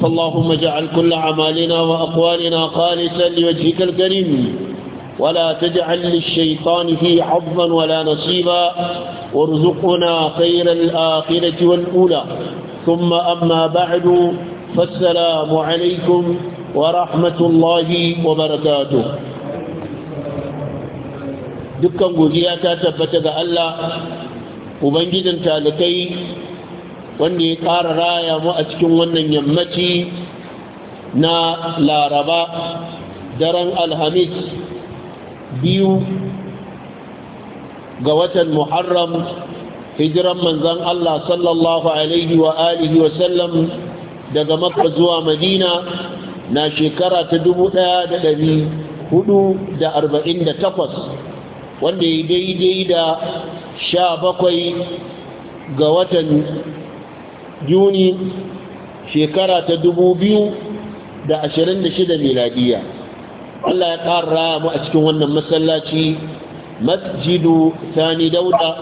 فاللهم اجعل كل اعمالنا وأقوالنا خالصا لوجهك الكريم ولا تجعل للشيطان فيه حظا ولا نصيبا وارزقنا خير الآخرة والأولى ثم أما بعد فالسلام عليكم ورحمة الله وبركاته dukkan godiya ta tabbata ga Allah ubangijin talakai wanda ya ƙara raya mu a cikin wannan yammaci na laraba daren alhamis biyu ga watan muharram hijiran manzan Allah sallallahu alaihi wa alihi wa sallam daga makka zuwa madina na shekara ta takwas, wanda ya daidai da sha bakwai ga watan juni shekara ta 2026 miladiya Allah ya ƙara mu a cikin wannan masallaci masjidu sani dauda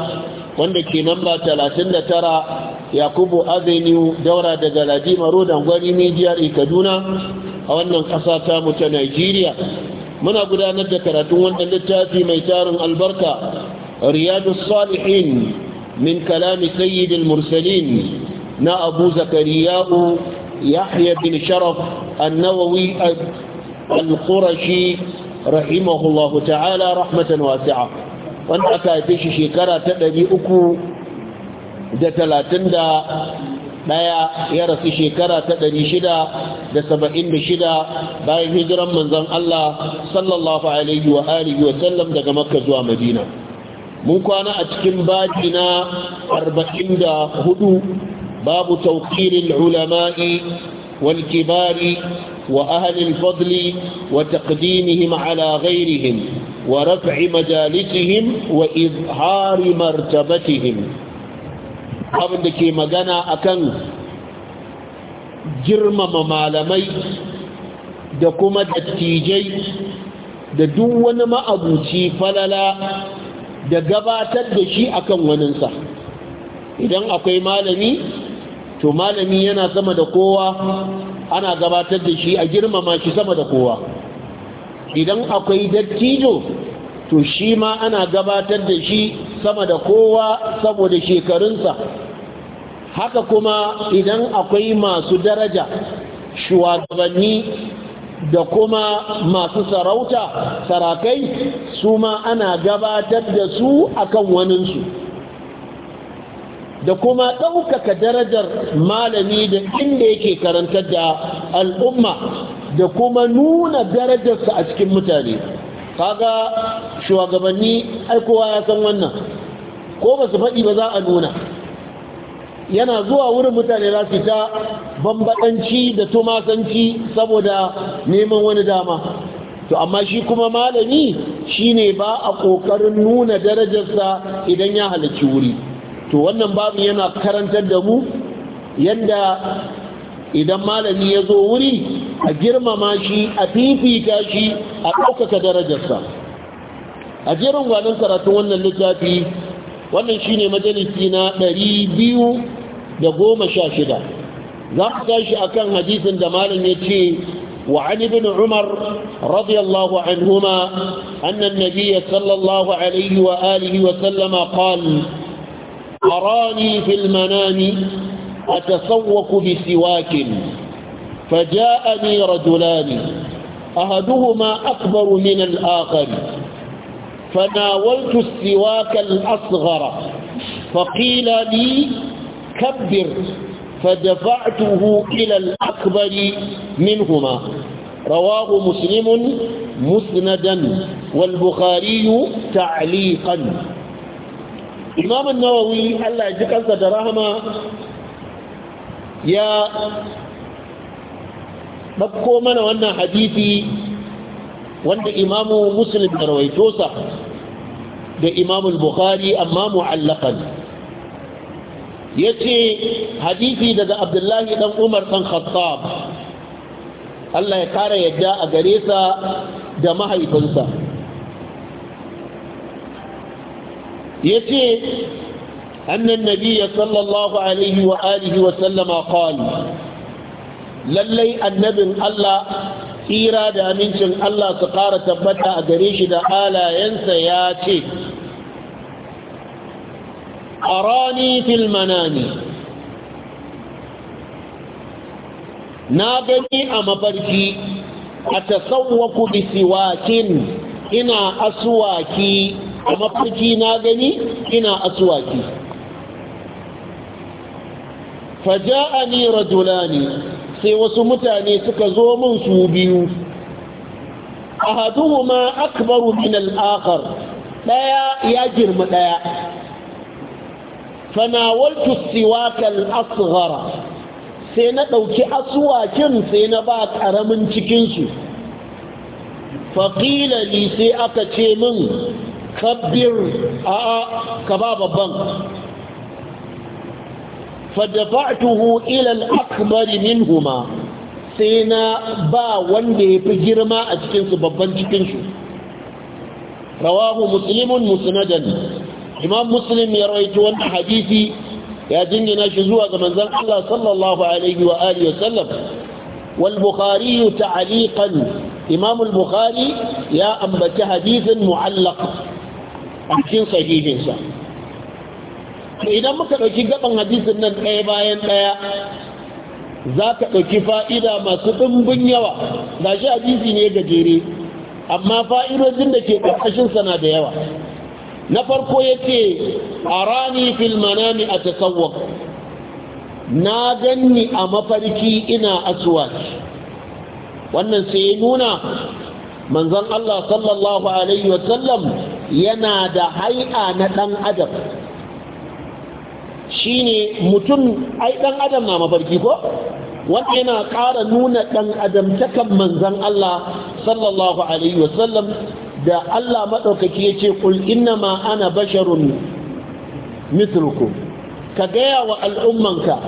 wanda ke namba 39 yakubu avenue daura daga ladima road angwari mijiyar kaduna a wannan ƙasa ta mu ta nigeria muna gudanar da karatun wannan littafi mai tarin albarka riyadu salihin min kalami sayyidil mursalin na abu zakariya'u yahya bin sharaf annawawi al-qurashi rahimahullahu ta'ala rahmatan wasi'a wanda aka haife shi shekara ta ɗari uku da talatin da ɗaya ya rasu shekara ta ɗari shida da saba'in da shida bayan hijiran manzon Allah sallallahu alaihi wa alihi wa sallam daga makka zuwa madina mun kwana a cikin baji na arba'in da hudu باب توقير العلماء والكبار وأهل الفضل وتقديمهم على غيرهم ورفع مجالسهم وإظهار مرتبتهم abin da ke magana akan girmama malamai da kuma dattijai da duk wani ma'abuci falala da gabatar da shi akan waninsa idan akwai malami to malami yana sama da kowa ana gabatar da shi a girmama shi sama da kowa idan akwai dattijo to shi ma ana gabatar da shi sama da kowa saboda shekarunsa haka kuma idan akwai masu daraja shugabanni da kuma masu sarauta sarakai su ma ana gabatar da su akan waninsu da kuma ɗaukaka darajar malami da inda yake karantar da al'umma da kuma nuna darajarsa a cikin mutane kaga shugabanni aikowa ya san wannan ko ba su faɗi ba za a nuna yana zuwa wurin mutane za su ta bambaɗanci da tumasanci saboda neman wani dama to amma shi kuma malami shine ba a ƙoƙarin nuna darajarsa idan ya halarci wuri to wannan babu yana karantar da mu yanda idan malami ya zo wuri a girmama shi a fifita shi a ɗaukaka darajarsa a jerin gwanon karatun wannan littafi wannan shine majalisi na ɗari biyu da goma sha shida za ku tashi akan hadisin da malam ya ce وعن ابن عمر رضي الله عنهما أن النبي صلى الله عليه وآله وسلم قال أراني في المنام أتسوق بسواك فجاءني رجلان أحدهما أكبر من الآخر فناولت السواك الأصغر فقيل لي كبر فدفعته إلى الأكبر منهما رواه مسلم مسندا والبخاري تعليقا imamun nawawi allah ya ji kansa da rahama ya ɗauko mana wannan hadisi wanda imamu muslim da rawaito da imamun bukhari amma mu'allakan ya ce hadisi daga abdullahi ɗan umar ɗan khattab allah ya kara yadda a gare sa da mahaifinsa yace annan nabiyya sallallahu alaihi wa alihi wa sallama qala lallai annabin Allah tsira da amincin Allah su ƙara tabbata a gare shi da alayensa ya ce arani filmanani na gani a mafarki a tasawwaku bisiwakin ina asuwaki. a mafarki na gani ina aswaki faja'ani rajulani sai wasu mutane suka zo min su biyu ahaduhuma akbaru min al-akhar daya ya girma daya fanawaltu siwaka al-asghara sai na dauki asuwakin sai na ba karamin cikin su faqila li sai aka ce min kabir a a ka ba babban fadafa'tuhu ila al akbari minhuma sai na ba wanda yafi girma a cikin su babban cikin su rawahu muslimun musnadan imam muslim ya rawaito wannan hadisi ya jingina shi zuwa ga manzon Allah sallallahu alaihi wa alihi wa sallam wal bukhari ta'liqan imam al-bukhari ya ambaci hadisin mu'allaq cikin sahihinsa idan muka ɗauki gaban hadisin nan ɗaya bayan ɗaya za ka ɗauki fa'ida masu ɗumbin yawa ga shi hadisi ne gajere amma fa'idodin da ke ƙarƙashinsa na da yawa na farko ya ce a rani filmanami a tasawwak na ganni a mafarki ina asuwaci wannan sai ya nuna manzan Allah sallallahu Alaihi wasallam yana da hai'a na ɗan adam shi ne mutum ai ɗan adam na mafarki ko wanda yana ƙara nuna ɗan adam takan manzan Allah sallallahu alaihi wasallam da Allah maɗaukaki ya ce kul inna ana basharun mitrukum ka gaya wa al'ummanka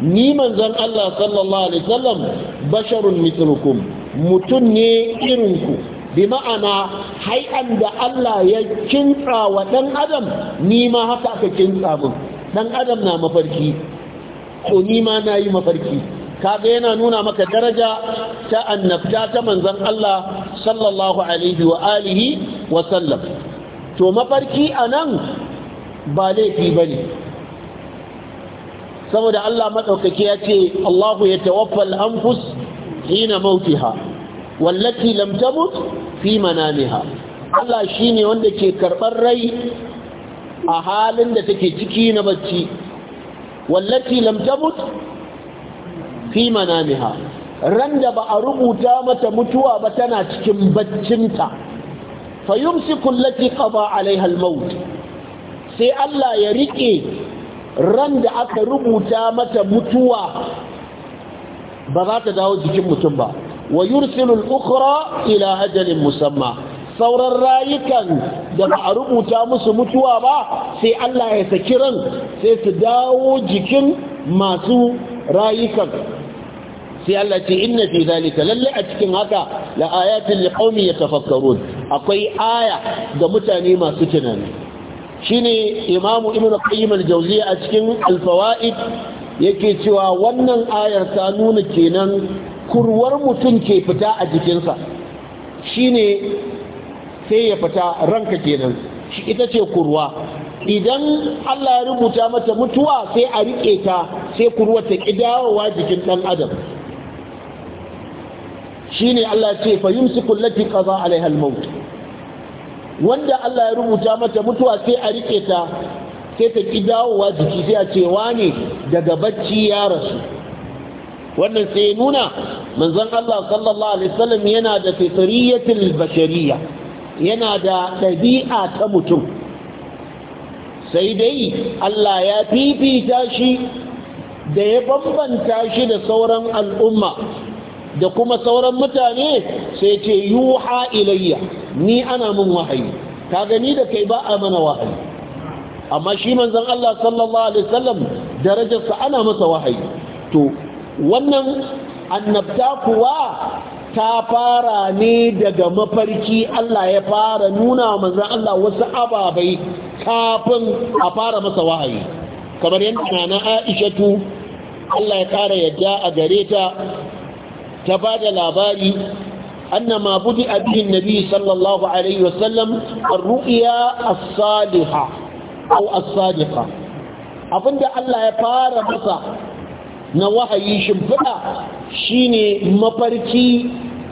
ni manzan Allah sallallahu alaihi wasallam basharun mitrukum mutum ne irin ku. bi ma'ana hai'an da Allah ya kintsa wa ɗan adam ni ma haka aka kintsa min ɗan adam na mafarki ko ni ma na yi mafarki kaga yana nuna maka daraja ta annabta ta manzon Allah sallallahu alaihi wa alihi wa sallam to mafarki anan ba laifi bane saboda Allah madaukake ya ce Allahu ya tawaffal anfus hina mautiha wallati lam tamut fi manamiha Allah shine wanda ke karɓar rai a halin da take ciki na bacci wallati lam tamut fi manamiha ran da ba a rubuta mata mutuwa ba tana cikin baccinta fayumsiku allati qada alaiha almaut sai Allah ya rike ran da aka rubuta mata mutuwa ba za ta dawo jikin mutum ba wa yursilu al-ukhra ila ajalin musamma sauran rayukan da ba a rubuta musu mutuwa ba sai Allah ya saki ran sai su dawo jikin masu rayukan sai Allah ce inna fi zalika lalle a cikin haka la ayatin ya tafakkaru. akwai aya ga mutane masu tunani shine imamu ibnu qayyim al-jawziyya a cikin alfawa'id fawaid yake cewa wannan ayar ta nuna kenan kurwar mutum ke fita a jikinsa shine sai ya fita ranka kenan shi ita ce kurwa idan Allah ya rubuta mata mutuwa sai a riƙe ta sai kurwa ta ƙidawowa jikin ɗan adam shine Allah ce fa yumsiku allati qada alaiha wanda Allah ya rubuta mata mutuwa sai a riƙe ta sai ta ƙidawowa jiki sai a ce wane daga bacci ya rasu wannan sai ya nuna manzon Allah sallallahu alaihi wasallam yana da fitriyatul bashariya yana da ɗabi'a ta mutum sai dai Allah ya fifita shi da ya bambanta shi da sauran al'umma da kuma sauran mutane sai ce yuha ilayya ni ana min wahayi ka gani da kai ba a mana wahayi amma shi manzon Allah sallallahu alaihi wasallam darajarsa ana masa wahayi to wannan annabta kuwa ta fara ne daga mafarki Allah ya fara nuna manzan Allah wasu ababai kafin a fara masa wahayi kamar yadda na aishatu Allah ya kara yadda a gare ta ta ba da labari أن ما بدأ به النبي صلى الله عليه وسلم الرؤيا الصالحة أو الصادقة Allah ya fara masa. na wahayi shimfiɗa shine mafarki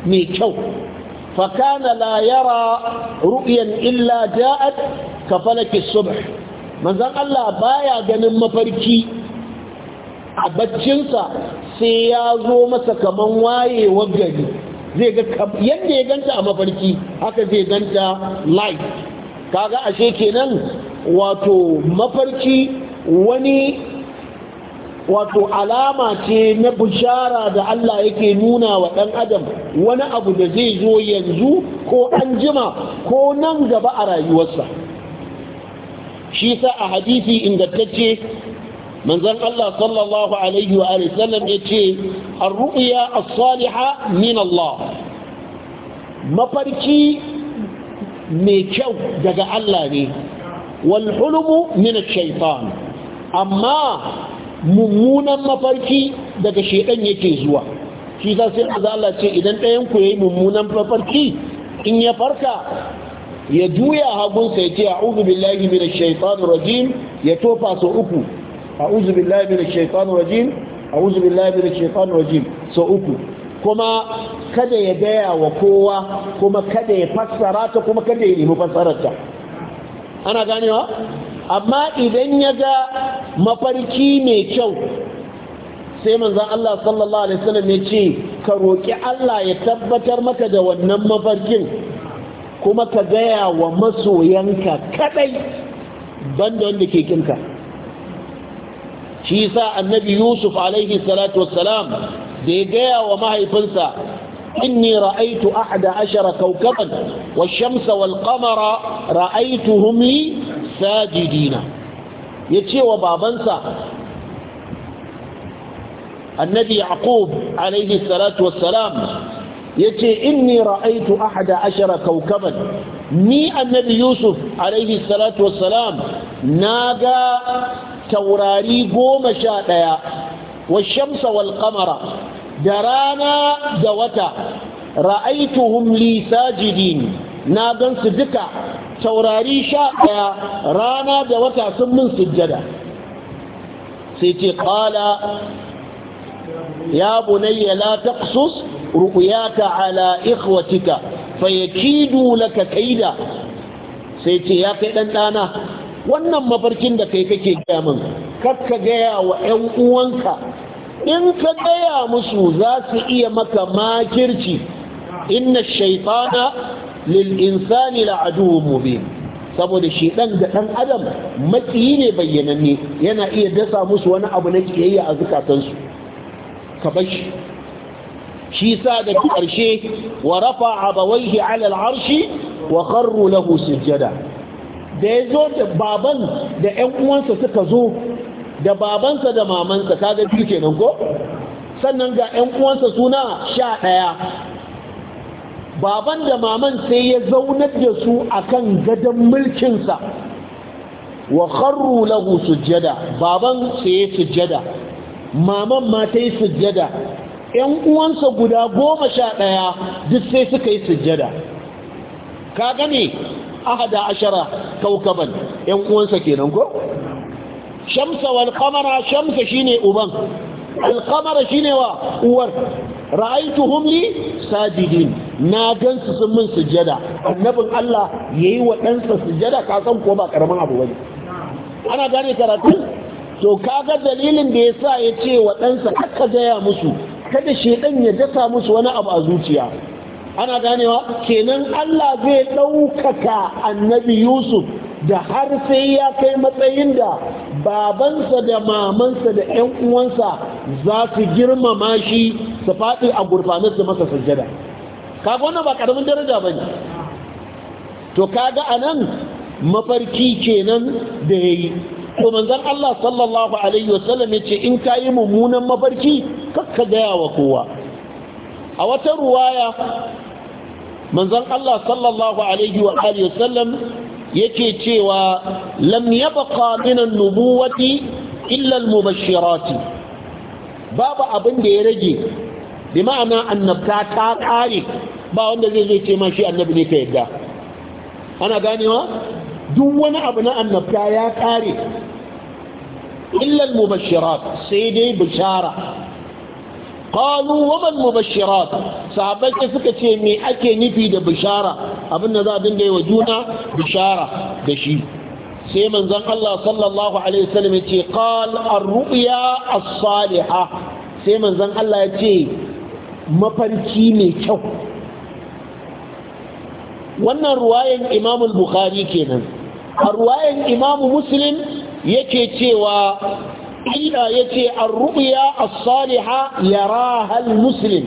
mai kyau fakana la yara ru'yan illa ja'at ka falaki subh manzon Allah baya ganin mafarki a baccinsa sai ya zo masa kaman wayewar gari zai ga yadda ya ganta a mafarki haka zai ganta live kaga ashe kenan wato mafarki wani wato alama ce na bishara da Allah yake nuna wa ɗan adam wani abu da zai zo yanzu ko an jima ko nan gaba a rayuwarsa shi sa a hadisi ingantacce manzon Allah sallallahu alaihi wa sallam ya ce ar as-saliha min Allah mafarki mai kyau daga Allah ne wal hulmu min ash amma mummunan mafarki daga shedan yake zuwa shi sa sai manzo Allah ce idan ɗayan ku yi mummunan mafarki in ya farka ya juya hagunsa ya ce a'udhu billahi minash shaitanir rajim ya tofa sau uku a'udhu billahi minash shaitanir rajim a'udhu billahi minash shaitanir rajim sau uku kuma kada ya gaya wa kowa kuma kada ya fassara ta kuma kada ya nemi fassararta ana ganewa amma idan ya ga mafarki mai kyau sai manzan Allah sallallahu Alaihi wasallam ya ce ka roƙi Allah ya tabbatar maka da wannan mafarkin kuma ka gaya wa masoyanka kadai banda wanda ke kinka shi sa annabi yusuf alaihi salatu wassalam da ya gaya wa mahaifinsa inni ra'aitu ahada ashara kaukaban wa shamsa wal qamara ra'aituhum sajidina ya ce wa babansa annabi yaqub alaihi salatu wassalam ya ce inni ra'aitu ahada ashara kaukaban ni annabi yusuf alaihi salatu wassalam na ga taurari goma sha ɗaya wa shamsa wal kamara da rana da wata ra'aituhum li sajidin na gansu duka taurari sha ɗaya rana da wata sun min sujjada sai ce ƙala ya bunayya la taqsus ru'yata ala ikhwatika fayakidu laka kaida sai ce ya kai dan dana wannan mafarkin da kai kake gaya min kakka gaya wa ƴan uwanka in ka gaya musu za su iya maka makirci inna shaytana lil insani la aduwwun mubin saboda shedan da dan adam matsiyi ne bayyananne yana iya dasa musu wani abu na kiyayya a zukatansu ka bashi shi sa da karshe wa rafa abawaihi ala al'arshi wa kharru lahu sujjada da yazo da baban da ƴan uwansa suka zo da babansa da mamansa kaga shi kenan ko sannan ga ƴan uwansa suna sha ɗaya baban da maman sai ya zaunar da su a kan gadon mulkinsa wa kharru lahu sujjada baban sai ya sujjada maman ma ta yi sujjada ƴan uwansa guda goma sha ɗaya duk sai suka yi sujjada ka gane ahada ashara kaukaban ƴan uwansa kenan ko shamsa wal qamara shamsa shine uban al qamara shine wa uwar hum li sajidin na gansu sun min sujada annabin Allah yayi wa ɗansa sujada ka san ko ba karaman abu bane ana gane karatu to kaga dalilin da yasa ya ce wa ɗansa aka gaya musu kada shedan ya dasa musu wani abu a zuciya ana ganewa kenan Allah zai ɗaukaka annabi Yusuf da har sai ya kai matsayin da babansa da mamansa da 'yan uwansa za su girmama shi su faɗi a gurfanar su masa sajjada kaga wannan ba ƙaramin daraja ba ne to kaga a nan mafarki kenan da ya yi to manzan Allah sallallahu alaihi wasallam ya ce in ka yi mummunan mafarki kakka gaya wa kowa a wata ruwaya manzan Allah sallallahu alaihi wa alihi wasallam yake cewa lam yabqa min an-nubuwati illa al babu abin da ya rage bi ma'ana annabta ta kare ba wanda zai zo ce ma shi annabi ne ka yadda ana ganewa duk wani abu na annabta ya kare illa al sai dai bishara qalu wa man mubashirat sahabbai suka ce me ake nufi da bishara Abin da za a dinga yi wa juna bishara da shi sai manzon Allah sallallahu alaihi wasallam ya ce qal ar-ru'ya as-salihah sai manzon Allah ya ce mafarki mai kyau wannan ruwayan Imam al-Bukhari kenan a ruwayan Imam Muslim yake cewa ila yace ar-ru'ya as-saliha yaraha al-muslim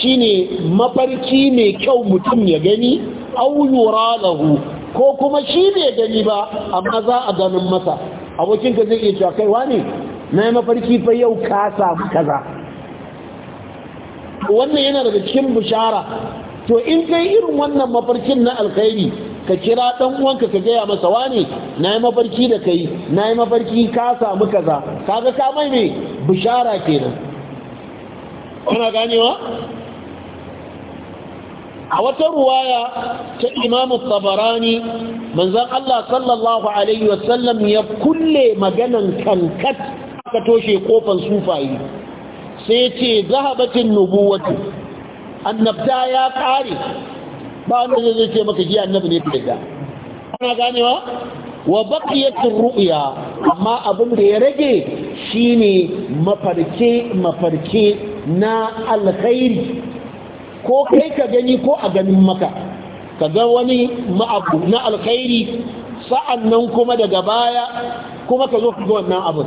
shine mafarki mai kyau mutum ya gani aw yura lahu ko kuma shi bai gani ba amma za a ganin masa abokin ka zai iya cewa kai wani na yi mafarki fa yau ka samu kaza wannan yana daga cikin bishara to in kai irin wannan mafarkin na alkhairi ka kira dan uwanka ka gaya masa wane na yi mafarki da kai na yi mafarki ka samu kaza kaga ka mai ne bishara kenan kuna ganewa a wata ruwaya ta imamu tabarani manzan Allah sallallahu Alaihi wasallam ya kulle maganan kankat aka toshe kofan sufayi sai ce zahabatin nubuwatu annabta ya ƙare ba wanda zai ce maka jiya annabi ne ka yadda ana ganewa wa baqiyatur ru'ya amma abin da ya rage shine mafarke mafarke na alkhairi ko kai ka gani ko a ganin maka ka ga wani ma'abu na alkhairi nan kuma daga baya kuma ka zo ka ga wannan abin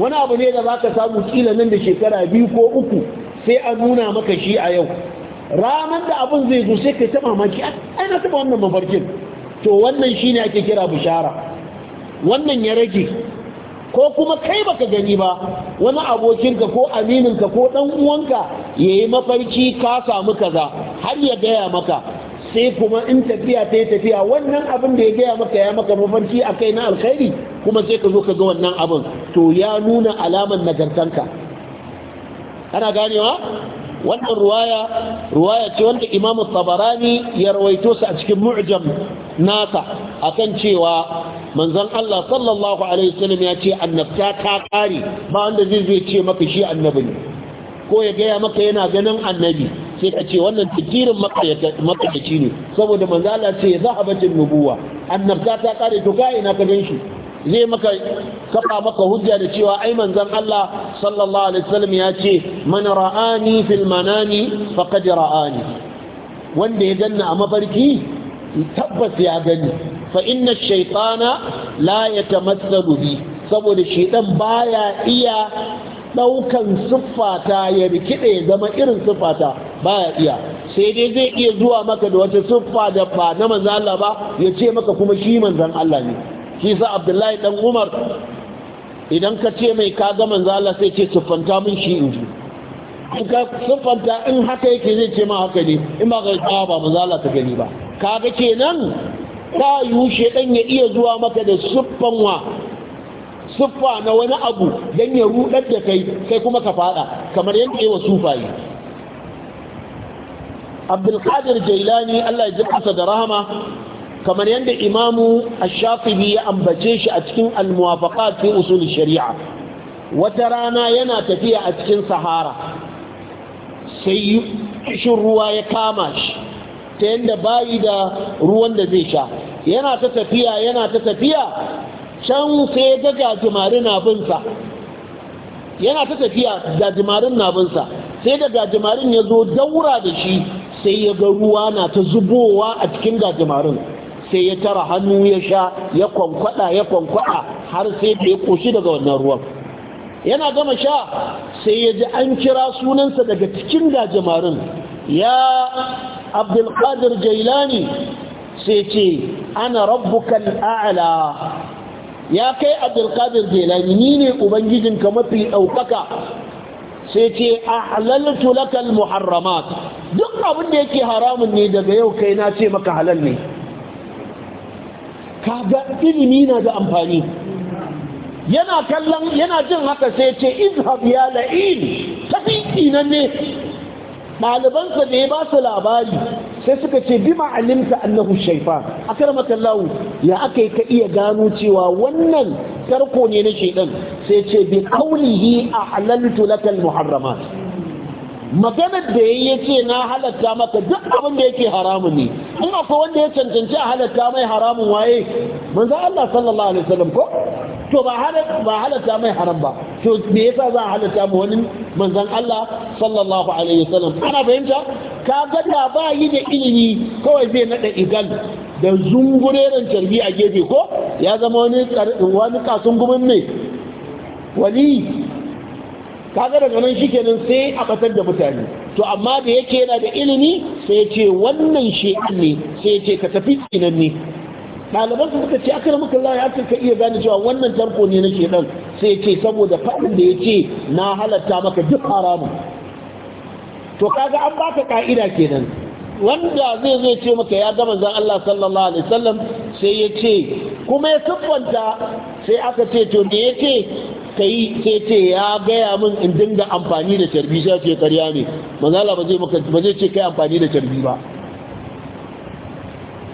wani abu ne da za ka samu kila nan da shekara biyu ko uku sai an nuna maka shi a yau ranar da abin zai zo sai kai ta mamaki ai na taba wannan mafarkin to wannan shine ake kira bishara wannan ya rage ko kuma kai baka gani ba wani abokinka ko amininka ko dan uwanka yayi mafarki ka samu kaza har ya gaya maka sai kuma in tafiya ta tafiya wannan abin da ya gaya maka ya maka mafarki a kai na alkhairi kuma sai ka zo ka ga wannan abin to ya nuna alamar nagartanka ana ganewa wannan ruwaya ruwaya ce wanda imamu tabarani ya rawaito su a cikin mu'jam nasa akan cewa manzon Allah sallallahu alaihi wasallam ya ce annabta ta kare ba wanda zai zai ce maka shi annabi ne ko ya gaya maka yana ganin annabi sai ka ce wannan tikirin makaici ne saboda manzon Allah ce ya zahabatin nubuwa annabta ta kare to ka ina ka gan shi zai maka kafa maka hujja da cewa ai manzon Allah sallallahu alaihi wasallam ya ce man ra'ani fil manani faqad ra'ani wanda ya ganna a mafarki tabbas ya gani fa inna ash-shaytana la yatamassalu bi saboda shaytan baya iya daukan siffata ya rikide zama irin siffata baya iya sai dai zai iya zuwa maka da wata siffa da ba na manzon Allah ba ya ce maka kuma shi manzon Allah ne shi sa abdullahi dan umar idan ka ce mai ka ga manzo Allah sai ce siffanta min shi in ji in ka siffanta in haka yake zai ce ma haka ne in ba ka ga ah, ba manzo Allah ka gani ba kaga kenan ka yu shedan ya iya zuwa maka da siffan wa na wani abu dan ya rudar da kai sai kuma ka fada kamar yadda yawa sufayi Abdul Qadir Jailani Allah ya ji da rahama kamar yadda imamu ash-shafi'i ya ambace shi a cikin al fi usul shari'a wata rana yana tafiya a cikin sahara sai shi ruwa ya kama shi ta yadda bayi da ruwan da zai sha yana ta tafiya yana ta tafiya can sai ga gajimari na binsa yana ta tafiya gajimarin na binsa sai da gajimarin ya zo daura da shi sai ya ga ruwa na ta zubowa a cikin gajimarin sai ya tara hannu ya sha ya kwankwada ya kwankwada har sai da ya koshi daga wannan ruwan yana gama sha sai ya ji an kira sunansa daga cikin gajimarin ya abdulkadir jailani sai ce ana rabbukan a'ala ya kai abdulkadir jailani ni ne ubangijinka mafi ɗaukaka sai ce ahlaltu lakal muharramat duk abin da yake haramun ne daga yau kai na ce maka halal ne kaga ilimi na da amfani yana kallon yana jin haka sai ce izhab ya la'in tafi kinan ne ɗalibansa da ya ba su labari sai suka ce bi ma'alimta annahu shaifa a karmata lawu ya aka yi ka iya gano cewa wannan tarko ne na shaidan sai ce bi kaulihi a halaltu lakal muharrama. maganar da ya ce na halatta maka duk abin da yake haramun ne in akwai wanda ya cancanci a halatta mai haramun waye manzo Allah sallallahu alaihi wasallam ko to ba halatta ba halatta mai haram ba to me yasa za a halatta mu wani manzon Allah sallallahu alaihi wasallam ana fahimta ga da ba yi da ilimi kawai zai nada igal da zungureren tarbi a gefe ko ya zama wani wani kasungumin ne wali kaga daga nan shikenan sai a kasar da mutane to amma da yake yana da ilimi sai ce wannan shekan ne sai ce ka tafi tsinan ne ɗaliban su suka ce aka da muka aka ka iya gane cewa wannan tarko ne na shekan sai ce saboda faɗin da ya ce na halatta maka duk haramun to kaga an baka ka'ida kenan wanda zai zai ce maka ya gama zan Allah sallallahu alaihi wasallam sai ya ce kuma ya siffanta sai aka ce to da ya ce ka yi sai ce ya gaya min in dinga amfani da carbi sai ce karya ne mazala ba zai ce kai amfani da carbi ba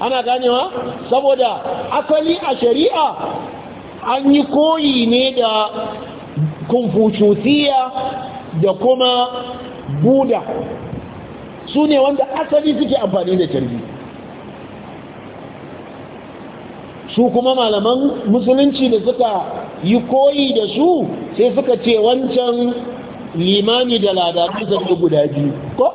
ana ganewa saboda asali a shari'a an yi koyi ne da kumfucutiya da kuma buda su ne wanda asali suke amfani da carbi su kuma malaman musulunci da suka yi koyi da su sai suka ce wancan limani da zan yi guda biyu ko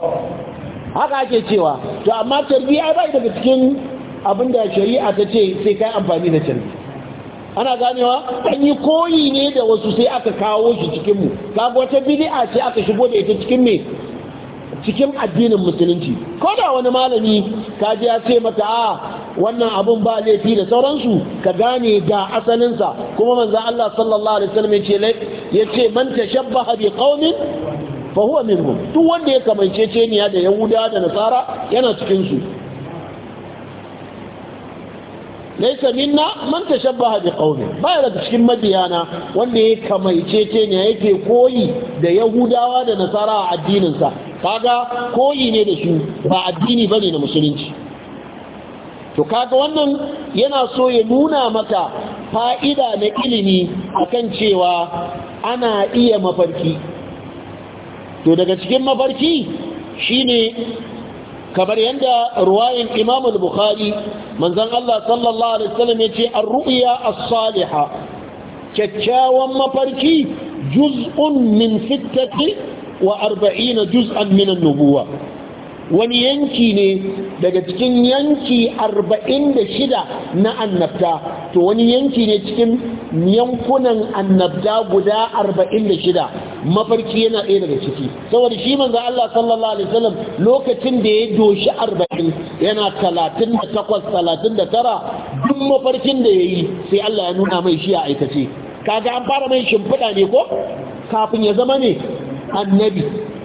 haka ake cewa to amma tarbiyya bai daga cikin abin da shari'a ta ce sai kai amfani da tarbiyya ana ganewa an yi koyi ne da wasu sai aka kawo shi cikinmu mu kaga wata bid'a ce aka shigo da ita cikin me cikin addinin musulunci ko da wani malami ka ji ya ce maka a wannan abun ba laifi da sauransu ka gane ga asalinsa kuma manzo Allah sallallahu alaihi wasallam yace yace man tashabbaha bi qaumin fa huwa minhum duk wanda ya kamance ce niya da yahuda da nasara yana cikin su laysa minna man tashabbaha bi qaumin ba daga cikin madiyana wanda ya kamance ce ne yake koyi da yahudawa da nasara a addinin sa kaga koyi ne da shi ba addini ba ne na musulunci to kaga wannan yana so ya nuna maka fa'ida na ilimi akan cewa ana iya mafarki to daga cikin mafarki shine kamar yadda ruwayin imam al-bukhari manzon Allah sallallahu alaihi wasallam yace ar-ru'ya as-salihah kyakkyawan mafarki juz'un min sittati wa arba'ina juz'an min an-nubuwa wani yanki ne daga cikin yanki arba'in da shida na annabta to wani yanki ne cikin yankunan annabta guda arba'in da shida mafarki yana ɗaya daga ciki saboda shi manzo Allah sallallahu alaihi wasallam lokacin da ya doshi arba'in yana talatin da takwas talatin da tara duk mafarkin da ya yi sai Allah ya nuna mai shi a aikace kaga an fara mai shimfiɗa ne ko kafin ya zama ne annabi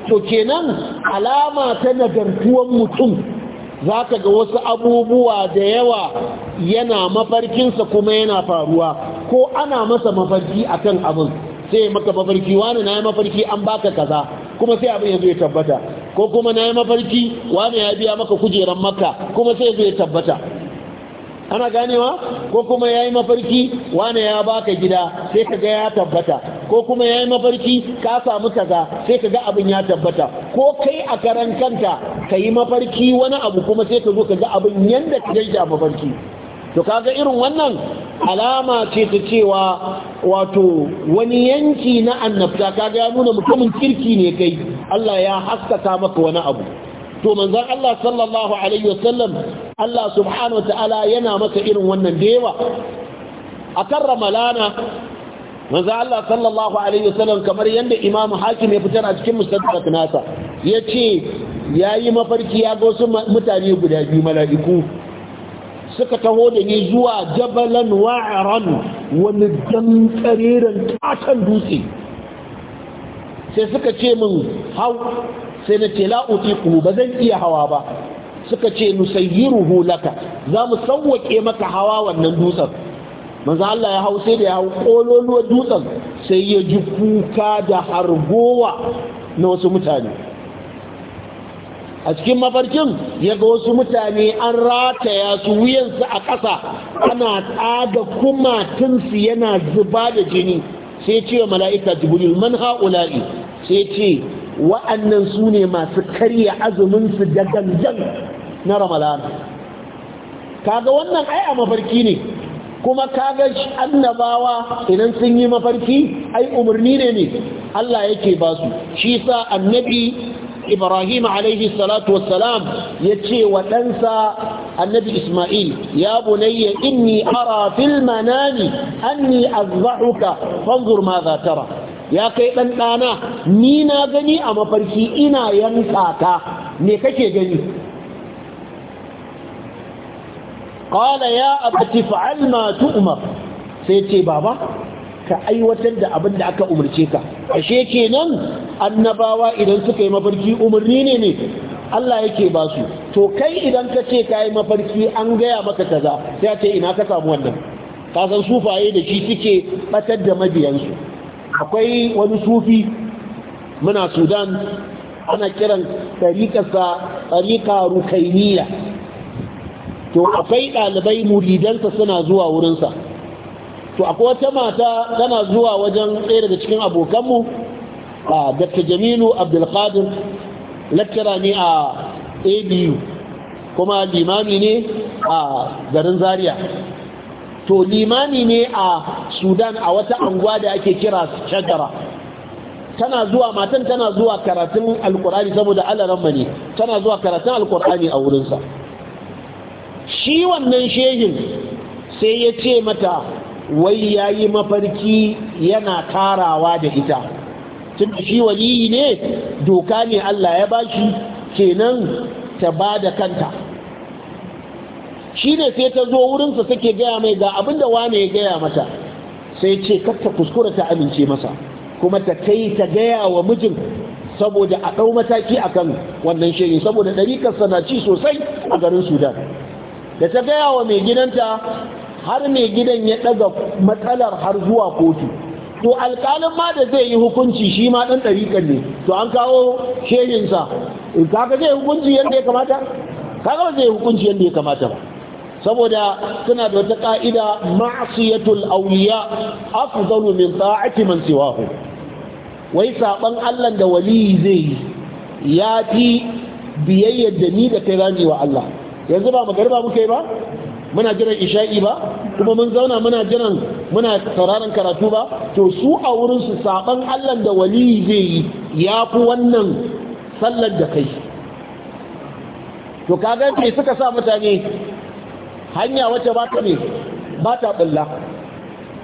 to kenan alama ta nagartuwan mutum za ka ga wasu abubuwa da yawa yana mafarkinsa kuma yana faruwa ko ana masa mafarki akan abin sai maka mafarki wani na yi mafarki an baka kaza kuma sai abin ya ya tabbata ko kuma na yi mafarki wani ya biya maka kujeran maka kuma sai ya ya tabbata ana ganewa ko kuma ya yi mafarki wane ya baka gida sai ka ga ya tabbata ko kuma ya yi mafarki ka samu kaza sai ka ga abin ya tabbata ko kai a karan kanta ka yi mafarki wani abu kuma sai ka zo ka ga abin yadda ka gaida mafarki to kaga irin wannan alama ce ta cewa wato wani yanki na annabta kaga ya nuna mutumin kirki ne kai Allah ya haskaka maka wani abu to manzon Allah sallallahu alaihi wasallam Allah subhanahu wa ta'ala yana maka irin wannan da yawa a kan ramalana manzo Allah sallallahu alaihi wasallam kamar yanda Imam Hakim ya fitar a cikin mustadrak nasa yace yayi mafarki ya ga wasu mutane guda biyu mala'iku suka taho da ni zuwa jabalan wa'ran wani dan tsareren katon dutse sai suka ce min hau sai na ce ba zan iya hawa ba suka ce nusayyiruhu laka za mu sauwake maka hawa wannan dutsen manzo Allah ya hau sai da ya hau kololuwar dutsen sai ya ji kuka da hargowa na wasu mutane a cikin mafarkin ya ga wasu mutane an rataya su wuyansu a ƙasa ana tsada kumatinsu yana zuba da jini sai ce mala'ika jibril man ha'ula'i sai ce wa'annan su ne masu karya azumin su da gangan na ramadan kaga wannan ai a mafarki ne kuma kaga annabawa idan sun yi mafarki ai umarni ne ne Allah yake ba su shi sa annabi Ibrahim alaihi salatu wassalam ya ce wa ɗansa annabi Ismail ya bunayya inni ara fil manami anni azbahuka fanzur ma za tara ya kai ɗan ɗana ni na gani a mafarki ina yanka ta me kake gani qala ya abati fa'al ma Umar sai ce baba ka aiwatar da abin da aka umarce ka ashe kenan annabawa idan suka yi mafarki umarni ne ne Allah yake ba su to kai idan ka ce ka yi mafarki an gaya maka kaza sai ce ina ka samu wannan kasan sufaye da shi suke batar da mabiyansu akwai wani sufi muna sudan ana kiran tariƙasa tariƙa rukainiya to akwai ɗalibai muridansa suna zuwa wurinsa to akwai wata mata tana zuwa wajen ɗaya daga cikin abokanmu a dr jamilu abdulkadir lakira ne a abu kuma limami ne a garin zaria to Limani ne a sudan a wata anguwa da ake kira shagara tana zuwa matan tana zuwa karatun alkur'ani saboda alaran ne tana zuwa karatun alkur'ani a wurinsa shi wannan shehin sai ya ce mata wai ya yi mafarki yana tarawa da ita tun shi waliyi ne doka ne allah ya bashi kenan ta ba da kanta shi ne sai ta zo wurinsa take gaya mai ga abin da wane ya gaya mata sai ce ta kuskura ta amince masa kuma ta kai ta gaya wa mijin saboda a ɗau mataki a kan wannan shirin saboda ɗarikarsa na ci sosai a garin sudan da ta gaya wa mai gidanta har mai gidan ya ɗaga matsalar har zuwa kotu to alƙalin ma da zai yi hukunci shi ma ɗan ɗarikar ne to an kawo shirinsa kaga zai hukunci yadda ya kamata kaga zai hukunci yadda ya kamata ba saboda suna da wata ka'ida ma'asiyatul awliya afdalu min ta'ati man siwahu wai saban Allah da wali zai ya fi biyayyar da ni da kai rani wa Allah yanzu ba magarba muke ba muna jiran isha'i ba kuma mun zauna muna jiran muna sauraron karatu ba to su a wurin su saban Allah da wali zai ya fi wannan sallar da kai to kaga me suka sa mutane hanya wacce ba ta ne ba ta bulla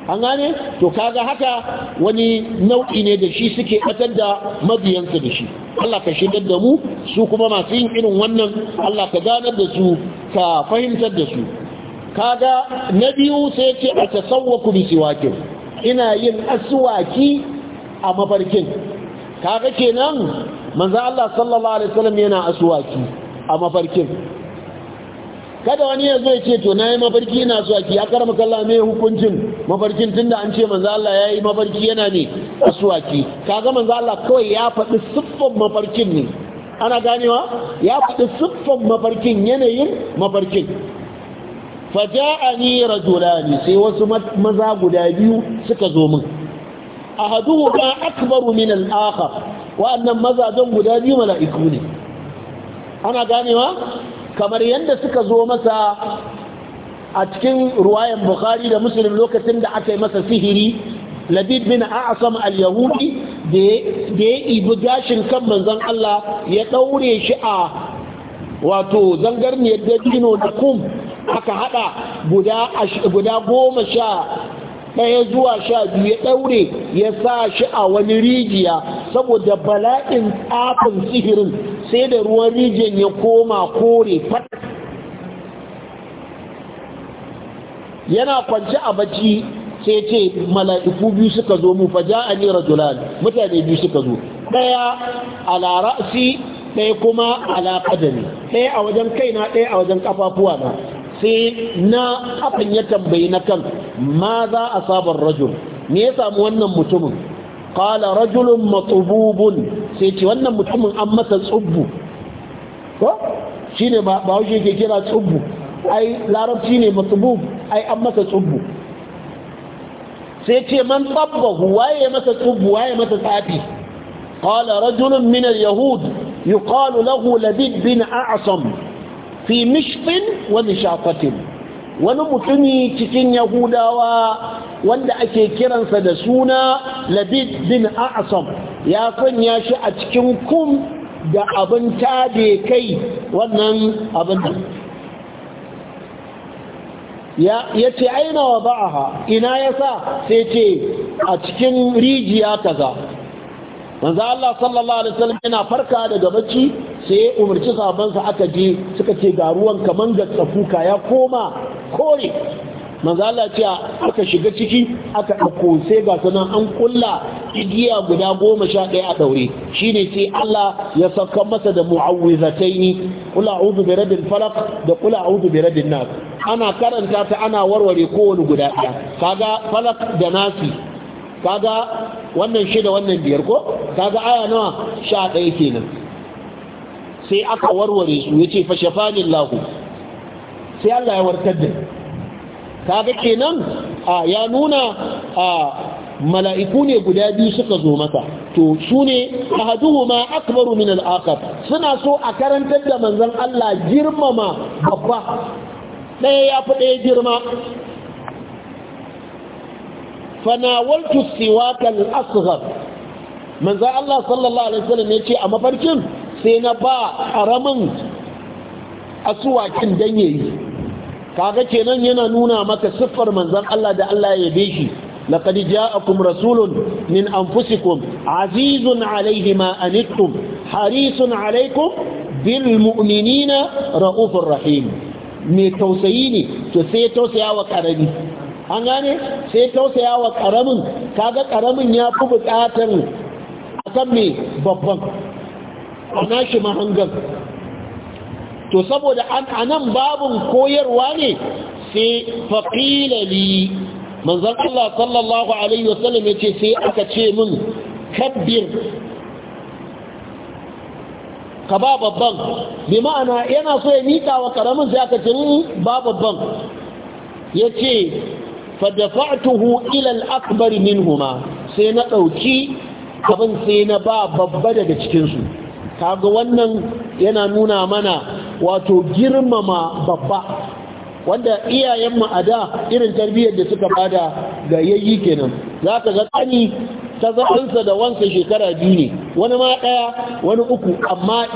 an gane to kaga haka wani nau'i ne da shi suke batar da mabiyansa da shi Allah ka shigar da mu su kuma masu yin irin wannan Allah ka ganar da su ka fahimtar da su kaga na biyu sai ce a tasawwaku bi siwakin ina yin asuwaki a mafarkin kaga kenan manzo Allah sallallahu alaihi wasallam yana asuwaki a mafarkin kada wani ya zo ya ce to nayi mafarki ina so aki akar makalla mai hukuncin mafarkin tunda an ce manzo Allah yayi mafarki yana ne asuwaki kaga manzo Allah kawai ya faɗi siffar mafarkin ne ana ganewa ya faɗi siffar mafarkin yanayin mafarkin faja'ani rajulani sai wasu maza guda biyu suka zo min ahaduhuma akbaru min al-akhar maza mazajen guda biyu mala'iku ne ana ganewa kamar yadda suka zo masa a cikin ruwayan bukhari da musulun lokacin da aka yi masa sihiri labid bin a'asam al-yahudi da ya ibi gashin kan manzon Allah ya ɗaure shi a wato zangarniyar dabino da kum aka hada guda goma sha ɗaya zuwa sha biyu ya ɗaure ya sa shi a wani rijiya saboda bala'in tsafin sihirin sai da ruwan rijiyar ya koma kore fat yana kwanci a bacci sai ce mala'iku biyu suka zo mu fa nira julani mutane biyu suka zo ɗaya ala ra'si ɗaya kuma a qadami ɗaya a wajen kaina ɗaya a wajen ƙafafuwa na سينا أبن يتم بينك ماذا أصاب الرجل نيسا موانا متم قال رجل مطبوب سيتي وانا متم أما تسعب شيني ما بوجه كيرا تسعب أي لا رب شيني مطبوب أي أما تسعب سيتي من طبه وايه ما تسعب وايه ما تسعبي قال رجل من اليهود يقال له لبيد بن أعصم fi mishfin wani shafatin wani mutumi cikin yahudawa wanda ake kiransa da suna labid bin a'asam ya sanya shi a cikin kum da abin tade kai wannan abin nan ya ce aina wa ba'aha ina ya sa sai ce a cikin rijiya kaza manzo Allah sallallahu alaihi wasallam yana farka daga bacci sai umarci sabansa aka je suka ce ga ruwan kamar ga tsafuka ya koma kore manzala ce aka shiga ciki aka ɗauko sai ga sanan an kulla igiya guda goma sha ɗaya a ɗaure shine sai Allah ya sauka masa da mu'awwizataini kula a'udhu bi rabbil falaq da kula a'udhu bi rabbin nas ana karanta ta ana warware kowane guda ɗaya kaga falak da nasi kaga wannan shida wannan biyar ko kaga aya nawa sha ɗaya kenan sai aka warware su yace fa shafani Allah sai Allah ya warkar da kaga kenan a ya nuna a mala'iku ne guda biyu suka zo maka to su ne ahaduhuma akbaru min al-akhar suna so a karantar da manzon Allah girmama babba ɗaya ya fi ɗaya girma fanawaltu siwakal asghar manzon Allah sallallahu alaihi wasallam yace a mafarkin sai na ba ƙaramin asuwakin don yayi kaga kenan yana nuna maka siffar manzan Allah da Allah ya yabe shi لقد جاءكم min anfusikum azizun عزيز عليه ما أنتم حريص عليكم بالمؤمنين رؤوف رحيم mai tausayi ne to sai tausaya wa karami an gane sai tausayawa tausaya wa karamin kaga karamin ya fi bukatar akan me babban a nashi mahangar to saboda a nan babin koyarwa ne sai faƙilali manzan Allah sallallahu Alaihi wasallam ya ce sai aka ce min kabbir ka ba babban bi ma'ana yana so ya mika wa karamin sai aka ce hmm, ba babban ya ce fadafa'tuhu ilal akbar minhuma sai na ɗauki abin sai na ba babba daga cikinsu kaga wannan yana nuna mana wato girmama babba wanda iyayenmu a da irin tarbiyyar da suka bada ga yayi kenan za ka ga tsani ta zaɓansa da wansa shekara biyu ne wani ma ɗaya wani uku amma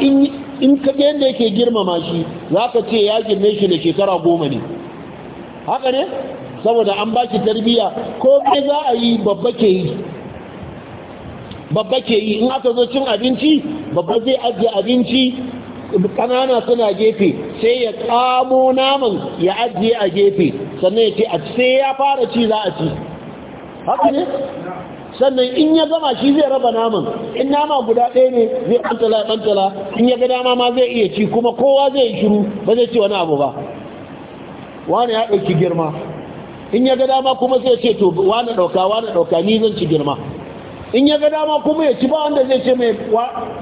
in ka ga yake girmama shi za ka ce ya girme shi da shekara goma ne haka ne saboda an baki tarbiyya ko kai za a yi babba ke yi babba ke yi in aka zo cin abinci babba zai ajiye abinci ƙanana suna gefe sai ya kamo naman ya ajiye a gefe sannan ya ce a sai ya fara ci za a ci haka ne sannan in ya gama shi zai raba naman in nama guda ɗaya ne zai ɓantala ɓantala in ya ga dama ma zai iya ci kuma kowa zai yi shiru ba zai ci wani abu ba wani ya ɗauki girma in ya ga dama kuma zai ce to wani ɗauka wani ɗauka ni zan ci girma in ya ga dama kuma ya ci ba wanda zai ce mai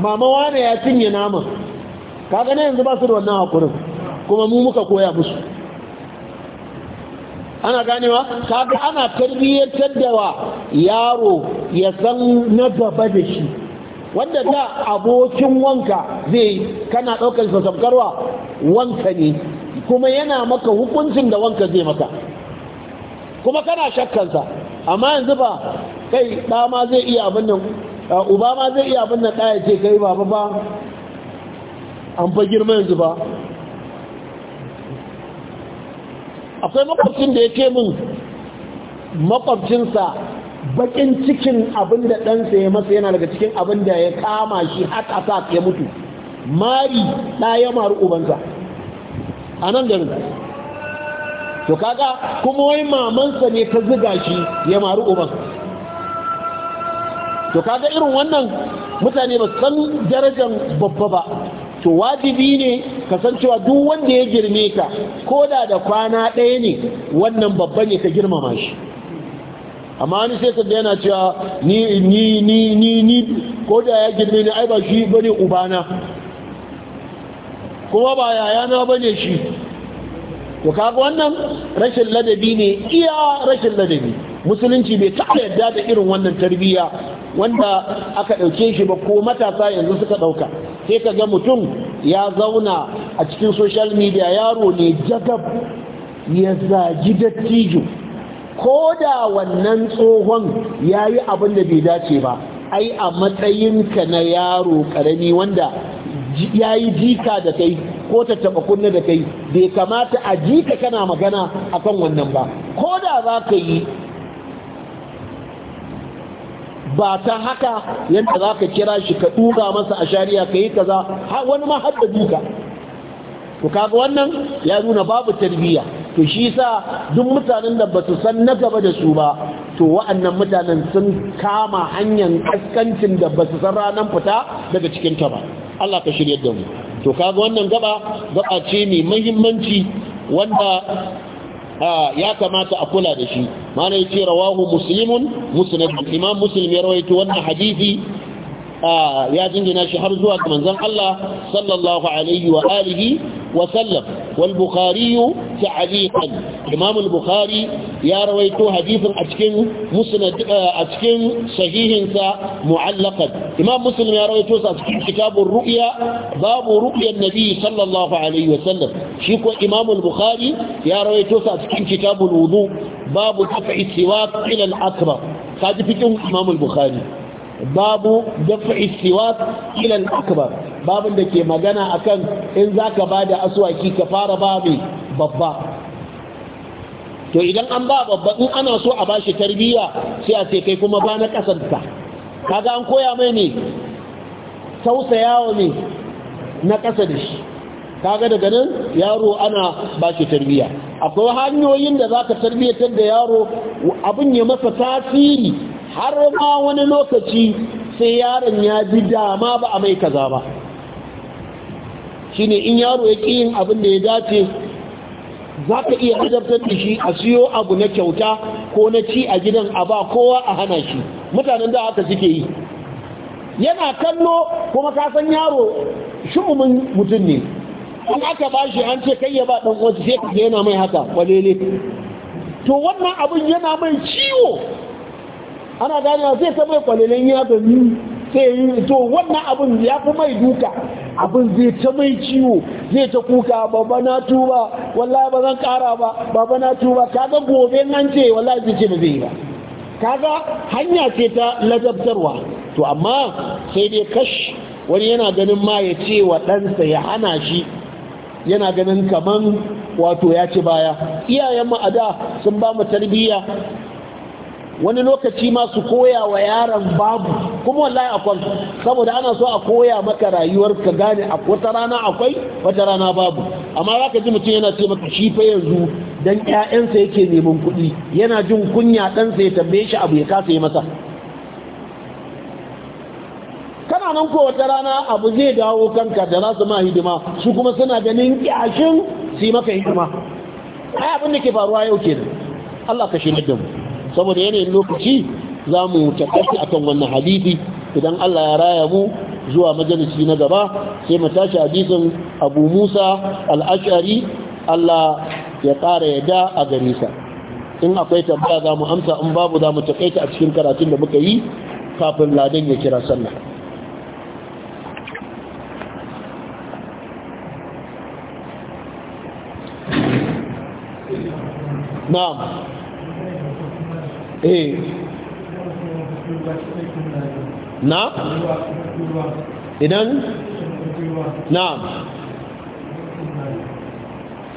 mama wane ya cinye naman kaga na yanzu ba su da wannan hakurin kuma mu muka koya musu ana ganewa kaga ana tarbiyyar da wa yaro ya san na gaba da shi wanda da abokin wanka zai kana ɗaukar samkarwa wanka ne kuma yana maka hukuncin da wanka zai maka kuma kana shakkansa amma yanzu ba kai ɗa ma zai iya abin nan uba ma zai iya abin nan ɗaya ce kai baba ba an fa girma yanzu ba akwai makwabcin da ya ke min makwabcinsa bakin cikin abin da ɗansa ya masa yana daga cikin abin da ya kama shi haka sa ya mutu mari ya maru ubansa a nan garin to kaga kuma wai mamansa ne ta ziga shi ya maru ubansa to kaga irin wannan mutane ba san darajar babba ba to wajibi ne cewa duk wanda ya girme ka ko da da kwana ɗaya ne wannan babba ne ka girmama shi amma wani sai ka yana cewa ni ni ni ni ni ko da ya girme ni ai ba shi bane ubana kuma ba yayana bane shi to kaga wannan rashin ladabi ne iya rashin ladabi musulunci bai taɓa yadda da irin wannan tarbiyya wanda aka ɗauke shi ba ko matasa yanzu suka ɗauka sai ka ga mutum ya zauna a cikin social media yaro ne jagab ya zaji dattijo ko da wannan tsohon ya yi abin da bai dace ba ai a matsayinka na yaro ƙarami wanda ya yi jika da kai ko ta taɓa kunna da kai bai kamata a jika kana magana akan wannan ba ko da za ka yi ba ta haka yadda za ka kira shi ka ɗuga masa a shari'a ka yi kaza wani ma har da duka to kaga wannan ya nuna babu tarbiyya to shi sa duk mutanen da ba su san na gaba da su ba to wa'annan mutanen sun kama hanyar kaskancin da ba su san ranar fita daga cikin ta ba Allah ka shirya da mu to kaga wannan gaba gaba ce mai muhimmanci wanda ya kamata a kula da shi mana yace rawahu musulmin musulmin imam muslim ya rawaito wannan hadisi ya jingina shi har zuwa ga manzon Allah sallallahu alaihi wa alihi wa sallam wal bukhari ta'liqan imam al bukhari ya rawaito hadithin a cikin musnad a cikin sahihinsa sa mu'allaqan imam muslim ya rawaito sa cikin kitabur ru'ya babu ru'yan nabi sallallahu alaihi wa sallam shi ko imam al bukhari ya rawaito sa cikin kitabul wudu babu tafi siwak ila al akbar kaji fikin imam al bukhari babu dafa istiwak ilan akbar babin da ke magana akan in zaka ka ba da aswaki ka fara babi babba to idan an ba babba in ana so a bashi tarbiyya sai a ce kai kuma ba na kasanta kaga an koya mai ne tausayawa ne na kasa da shi kaga daga nan yaro ana bashi tarbiyya akwai hanyoyin da zaka tarbiyyatar da yaro abin ya masa tasiri har ma wani lokaci sai yaron ya ji dama ba a mai kaza ba shine in yaro ya ƙi yin abin da ya dace za ka iya azabtar da shi a siyo abu na kyauta ko na ci a gidan a ba kowa a hana shi mutanen da haka suke yi yana kallo kuma ka san yaro shumumin mutum ne an aka ba shi an ce kai ya ba ɗan wasu sai ka yana mai haka walele to wannan abin yana mai ciwo ana ganewa zai ta mai kwalilin ya da ni sai yi to wannan abin ya fi mai duka abin zai ta mai ciwo zai ta kuka babba na tuba wallahi ba zan kara ba babba na tuba kaga gobe nan ce wallahi zai ce ba zai yi ba kaga hanya ce ta ladabtarwa to amma sai dai kash wani yana ganin ma ya ce wa ɗansa ya hana shi yana ganin kaman wato ya ci baya iyayen mu a da sun ba mu tarbiyya wani lokaci ma su koya wa yaron babu kuma wallahi akwai saboda ana so a koya maka rayuwar ka gane wata rana akwai wata rana babu amma za ka ji mutum yana ce maka shi fa yanzu dan ƴaƴansa yake neman kuɗi yana jin kunya ɗansa ya tambaye shi abu ya kasa yi masa kana nan ko wata rana abu zai dawo kanka da za su ma hidima su kuma suna ganin kyashin su yi maka hidima ai abin da ke faruwa yau kenan Allah ka shi da mu saboda yanayin lokaci za mu a akan wannan hadisi idan Allah ya raya mu zuwa majalisi na gaba sai mu tashi hadisin Abu Musa al Allah ya ƙara da a garisa sa in akwai tambaya za mu amsa in babu za mu takaita a cikin karatun da muka yi kafin ladan ya kira sallah na'am Eh.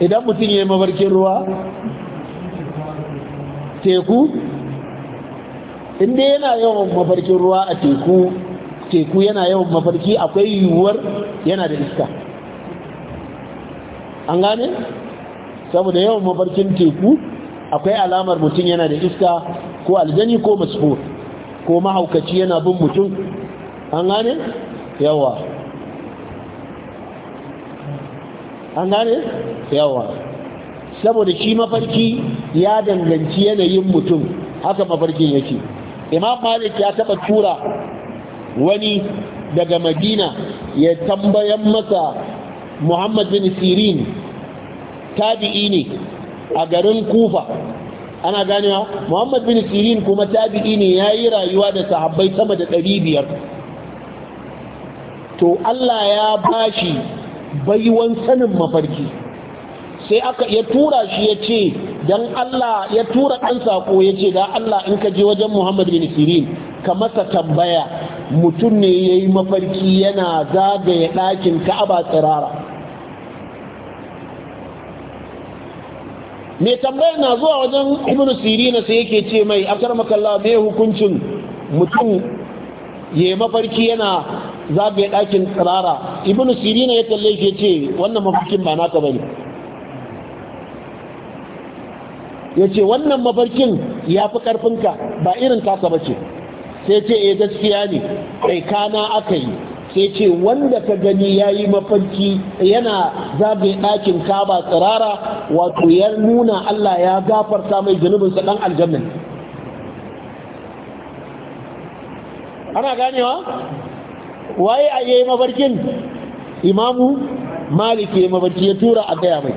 idan mutum ya yi mabarkin ruwa teku inda yana yawan mafarkin ruwa a teku teku yana yawan mafarki akwai yiwuwar yana da iska an gane saboda yawan mafarkin teku akwai alamar mutum yana da iska ko aljani ko masfur ko mahaukaci yana bin mutum an gane yawa an gane yawa saboda shi mafarki ya danganci yanayin mutum haka mafarkin yake imam malik ya taba tura wani daga madina ya tambayan masa muhammad bin sirin tabi'i ne a garin kufa ana ganewa muhammad bin sirin kuma tabi'i ne ya yi rayuwa da sahabbai sama da ɗari biyar to allah ya bashi baiwan sanin mafarki sai aka ya tura shi ya ce don allah ya tura ɗan saƙo ya ce da allah in ka je wajen muhammad bin sirin ka masa tambaya mutum ne ya yi mafarki yana zagaye ɗakin ka'aba tsirara me tambayar na zuwa wajen ibn sirina sai yake ce mai akar makalla mai hukuncin mutum ya mafarki yana zagaye ɗakin tsirara ibn sirina ya kalle ke ce wannan mafarkin ba naka bane ya ce wannan mafarkin ya fi ƙarfinka ba irin kasa ba ce sai ce e gaskiya ne kai kana aka yi sai ce wanda ka gani ya yi mafarki yana zabe ɗakin kaba tsirara wato ya nuna Allah ya gafarta mai zunubinsa ɗan aljanna ana ganewa waye a yi mafarkin imamu malik ya mafarki ya tura a gaya mai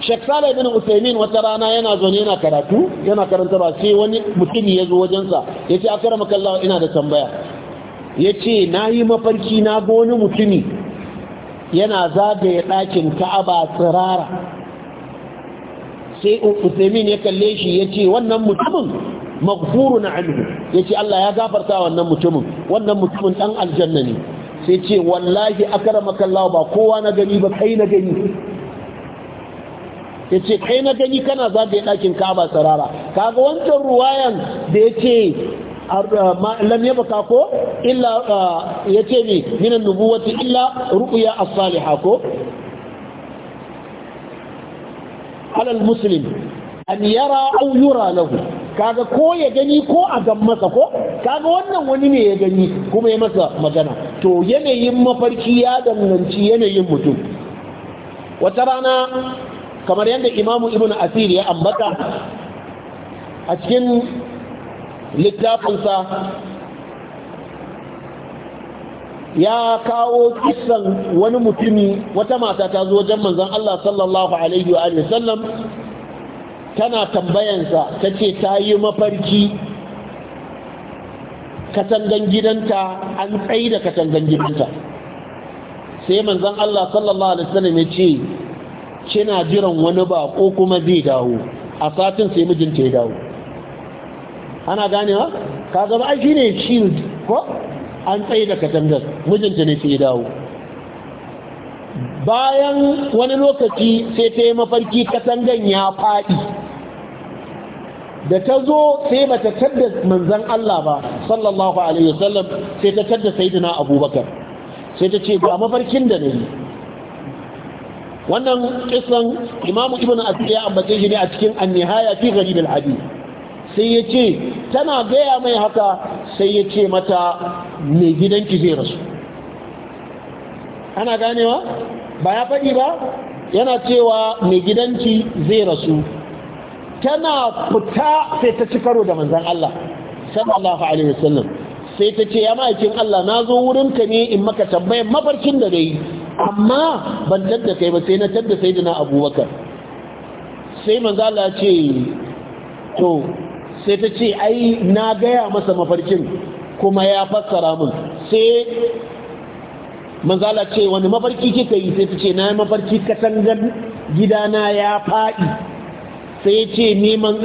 sheksala ibn usaimin wata rana yana zaune yana karatu yana karanta ba sai wani mutum ya zo wajensa ya ce akara makallawa ina da tambaya ya ce na yi mafarki na goni mutumi yana zagaye ɗakin ka'aba tsirara sai usaimin ya kalle shi ya ce wannan mutumin maghfuru na anhu ya ce Allah ya gafarta wannan mutumin wannan mutumin ɗan aljanna ne sai ce wallahi akaramakallahu ba kowa na gani ba kai na gani ya ce kai na gani kana zagaye ɗakin ka'aba ka kaga wancan ruwayan da ya ce Uh, lam yabqa ko illa uh, yace ni min nubuwati illa ru'ya as-salihah ko ala al-muslim an yara aw yura lahu kaga ko ya gani ko a gan masa ko kaga wannan wani ne ya gani kuma ya masa magana to yanayin mafarki ya danganci yanayin mutum wata rana kamar yadda imamu ibn asir ya ambata a cikin littafinsa ya kawo kisan wani mutumi wata mata ta zo wajen manzon Allah sallallahu alaihi wa sallam tana tambayansa ta ce ta yi mafarki katangan gidanta an tsaye da katangan gidanta sai manzon Allah sallallahu alaihi sallam ya ce kina jiran wani ba ko kuma zai dawo a satin sai mijinta ya dawo ana ganewa ka gaba ai shine shield ko an tsaye da katangar mijinta ne ya dawo bayan wani lokaci sai ta yi mafarki katangar ya faɗi da ta zo sai ba ta tadda manzan Allah ba sallallahu alaihi wasallam sai ta tadda sayyidina abubakar sai ta ce ba mafarkin da nayi wannan kisan imamu ibnu asiya ambace shi ne a cikin an-nihaya fi gharib al-hadith sai ya ce tana gaya mai haka sai ya ce mata mai gidanki zai rasu ana ganewa ba ya faɗi ba yana cewa mai gidanki zai rasu tana fita sai ta ci karo da manzan Allah sallallahu alaihi wasallam sai ta ce ya ma'aikin Allah na zo wurin ka ne in maka tambayar mafarkin da dai amma ban tadda kai ba sai na tadda sai na abubakar sai manzala ce to sai ta ce ai na gaya masa mafarkin kuma ya fassara min sai manzala ce wani mafarki kika yi sai ta ce na yi mafarki katangar gidana ya faɗi sai ce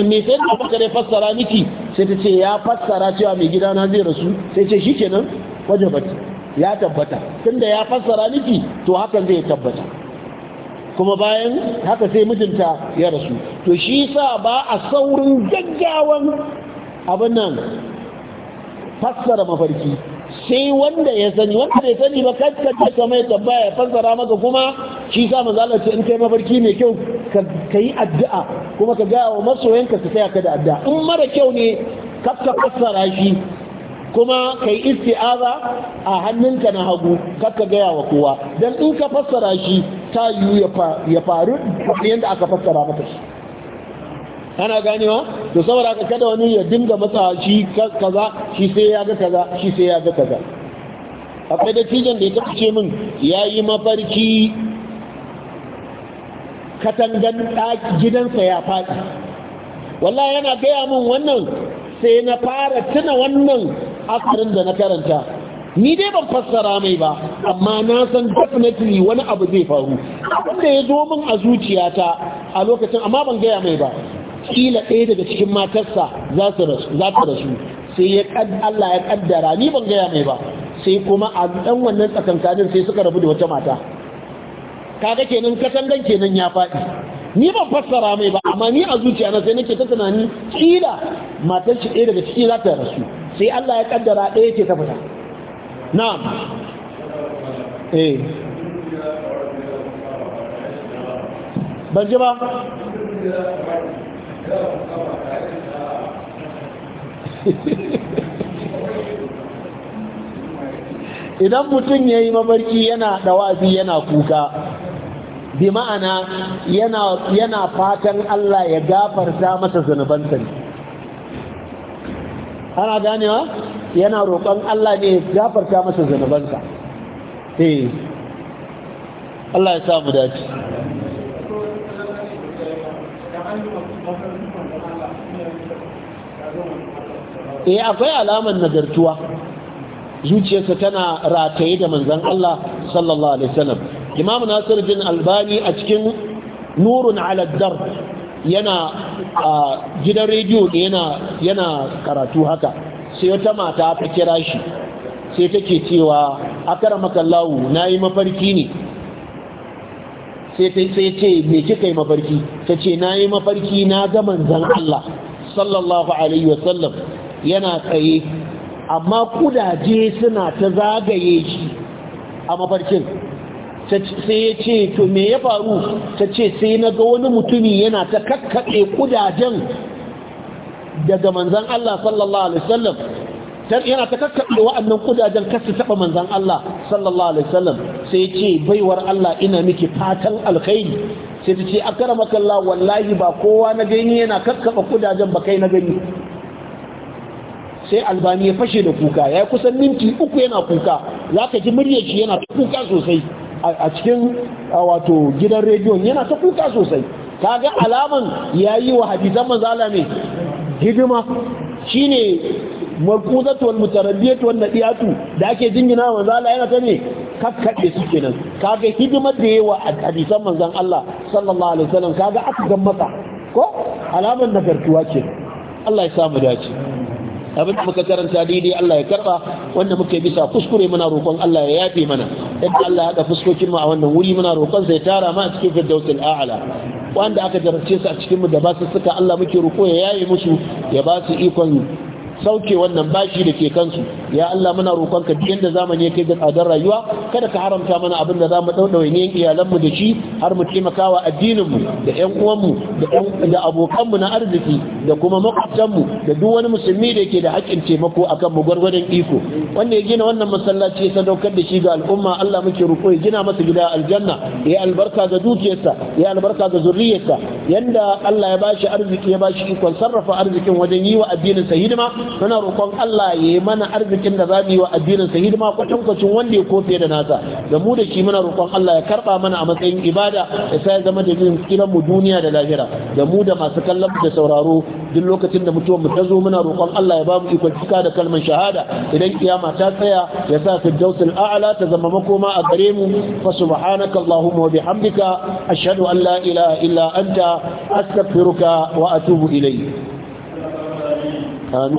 me sai da baka fassara miki sai ta ce ya fassara cewa mai gidana zai rasu sai ce shi kenan wajabat ya tabbata tunda ya fassara miki to hakan zai tabbata kuma bayan haka sai mijinta ya rasu to shi sa ba a saurin gaggawan abin nan fassara mafarki sai wanda ya sani wanda bai sani ba kaskanta ka mai tambaya ya fassara maka kuma shi sa manzala ce in kai mafarki mai kyau ka yi addu'a kuma ka gaya wa masoyanka su taya ka da addu'a in mara kyau ne ka fassara shi kuma kai isti'aza a hannunka na hagu kakka gaya wa kowa dan in ka fassara shi ta yiwu ya faru yadda aka fassara mata shi ana ganewa da saboda haka kada wani ya dinga matsa shi kaza shi sai ya ga kaza shi sai ya ga kaza akwai da tijan da ya taɓa ce min ya yi mafarki katangan gidansa ya faɗi wallah yana gaya min wannan sai na fara tuna wannan asarin da na karanta ni dai ban fassara mai ba amma na san definitely wani abu zai faru abin da ya zo min a zuciyata a lokacin amma ban gaya mai ba kila ɗaya daga cikin matarsa za ta rasu sai ya Allah ya kaddara ni ban gaya mai ba sai kuma a ɗan wannan tsakankanin sai suka rabu da wata mata kaga kenan katangan kenan ya faɗi ni ban fassara mai ba amma ni a zuciya na sai nake ta tunani kila matar shi ɗaya daga ciki za ta rasu sai Allah ya kaddara ɗaya ce ta fita نعم ايه eh. ban ji idan mutum ya yi mabarki yana dawazi yana kuka bi ma'ana yana fatan Allah ya gafarta masa zunubansa ne ana ganewa? yana roƙon Allah ne gafarta masa zanubansa eh Allah ya samu dace eh akwai alamar nagartuwa zuciyarsa tana rataye da manzon Allah sallallahu alaihi wasallam Imam Nasiruddin Albani a cikin Nurun ala yana a gidan rediyo da yana karatu haka sai wata mata ta kira shi sai take cewa akara makallahu na yi mafarki ne sai ce me kika yi mafarki ta ce na yi mafarki na ga manzan Allah sallallahu alaihi sallam yana tsaye amma kudaje suna ta zagaye shi a mafarkin sai ya ce to me ya faru ta ce sai na ga wani mutumi yana ta kakkaɓe kudajen daga manzan Allah sallallahu alaihi wasallam yana ta kakkaɓe wa'annan kudajen kasu taɓa manzan Allah sallallahu alaihi wasallam sai ce baiwar Allah ina miki fatan alkhairi sai ta ce akramaka Allah wallahi ba kowa na gani yana kakkaɓa kudajen ba kai na gani sai albani ya fashe da kuka ya kusan minti uku yana kuka za ka ji muryar shi yana ta kuka sosai a cikin wato gidan rediyon yana ta kuka sosai ka ga alaman yayi wa hadisan manzala ne hidima shine marquzatu wal mutarabbiyatu wan nadiyatu da ake jingina manzo Allah yana ta ne su kenan kaga hidimar da yawa a hadisan manzon Allah sallallahu alaihi wasallam kaga aka gan ko alamar nagartuwa ce Allah ya samu dace abin da muka karanta daidai Allah ya karba wanda muka muke bisa kuskure muna roƙon Allah ya yafe mana idan Allah ya haɗa fuskokin mu a wannan wuri muna roƙon sai tara ma a cikin firdausul a'la wanda aka jarabce su a cikin mu da ba su suka Allah muke roƙo ya yaye musu ya ba su ikon sauke wannan bashi da ke kansu ya Allah muna roƙonka duk yanda zamani yake ga tsadar rayuwa kada ka haramta mana abin da zamu daudawa ne iyalan mu da shi har mu taimakawa addinin mu da ƴan uwan mu da ƴan da abokan mu na arziki da kuma makwabtan mu da duk wani musulmi da yake da haƙƙin taimako akan mu gwargwadon iko wanda ya gina wannan masallaci ya sadaukar da shi ga al'umma Allah muke roƙo ya gina masa gida aljanna ya albarka ga dukiyarsa ya albarka ga zurriyarsa yanda Allah ya bashi arziki ya bashi ikon sarrafa arzikin wajen yi wa addinin sa hidima muna roƙon Allah ya yi mana arzikin da za mu yi wa addinin sa hidima kwatankwacin wanda ya kofe da nasa da mu da shi muna roƙon Allah ya karɓa mana a matsayin ibada ya sa ya zama da jin kiran mu duniya da lahira da mu da masu kallon da sauraro duk lokacin da mutuwar mu ta zo muna roƙon Allah ya ba mu ikon cika da kalmar shahada idan kiyama ta tsaya ya sa firdausul a'la ta zama makoma a gare mu fa subhanaka allahumma wa bihamdika ashhadu an la ilaha illa anta astaghfiruka wa atubu ilayk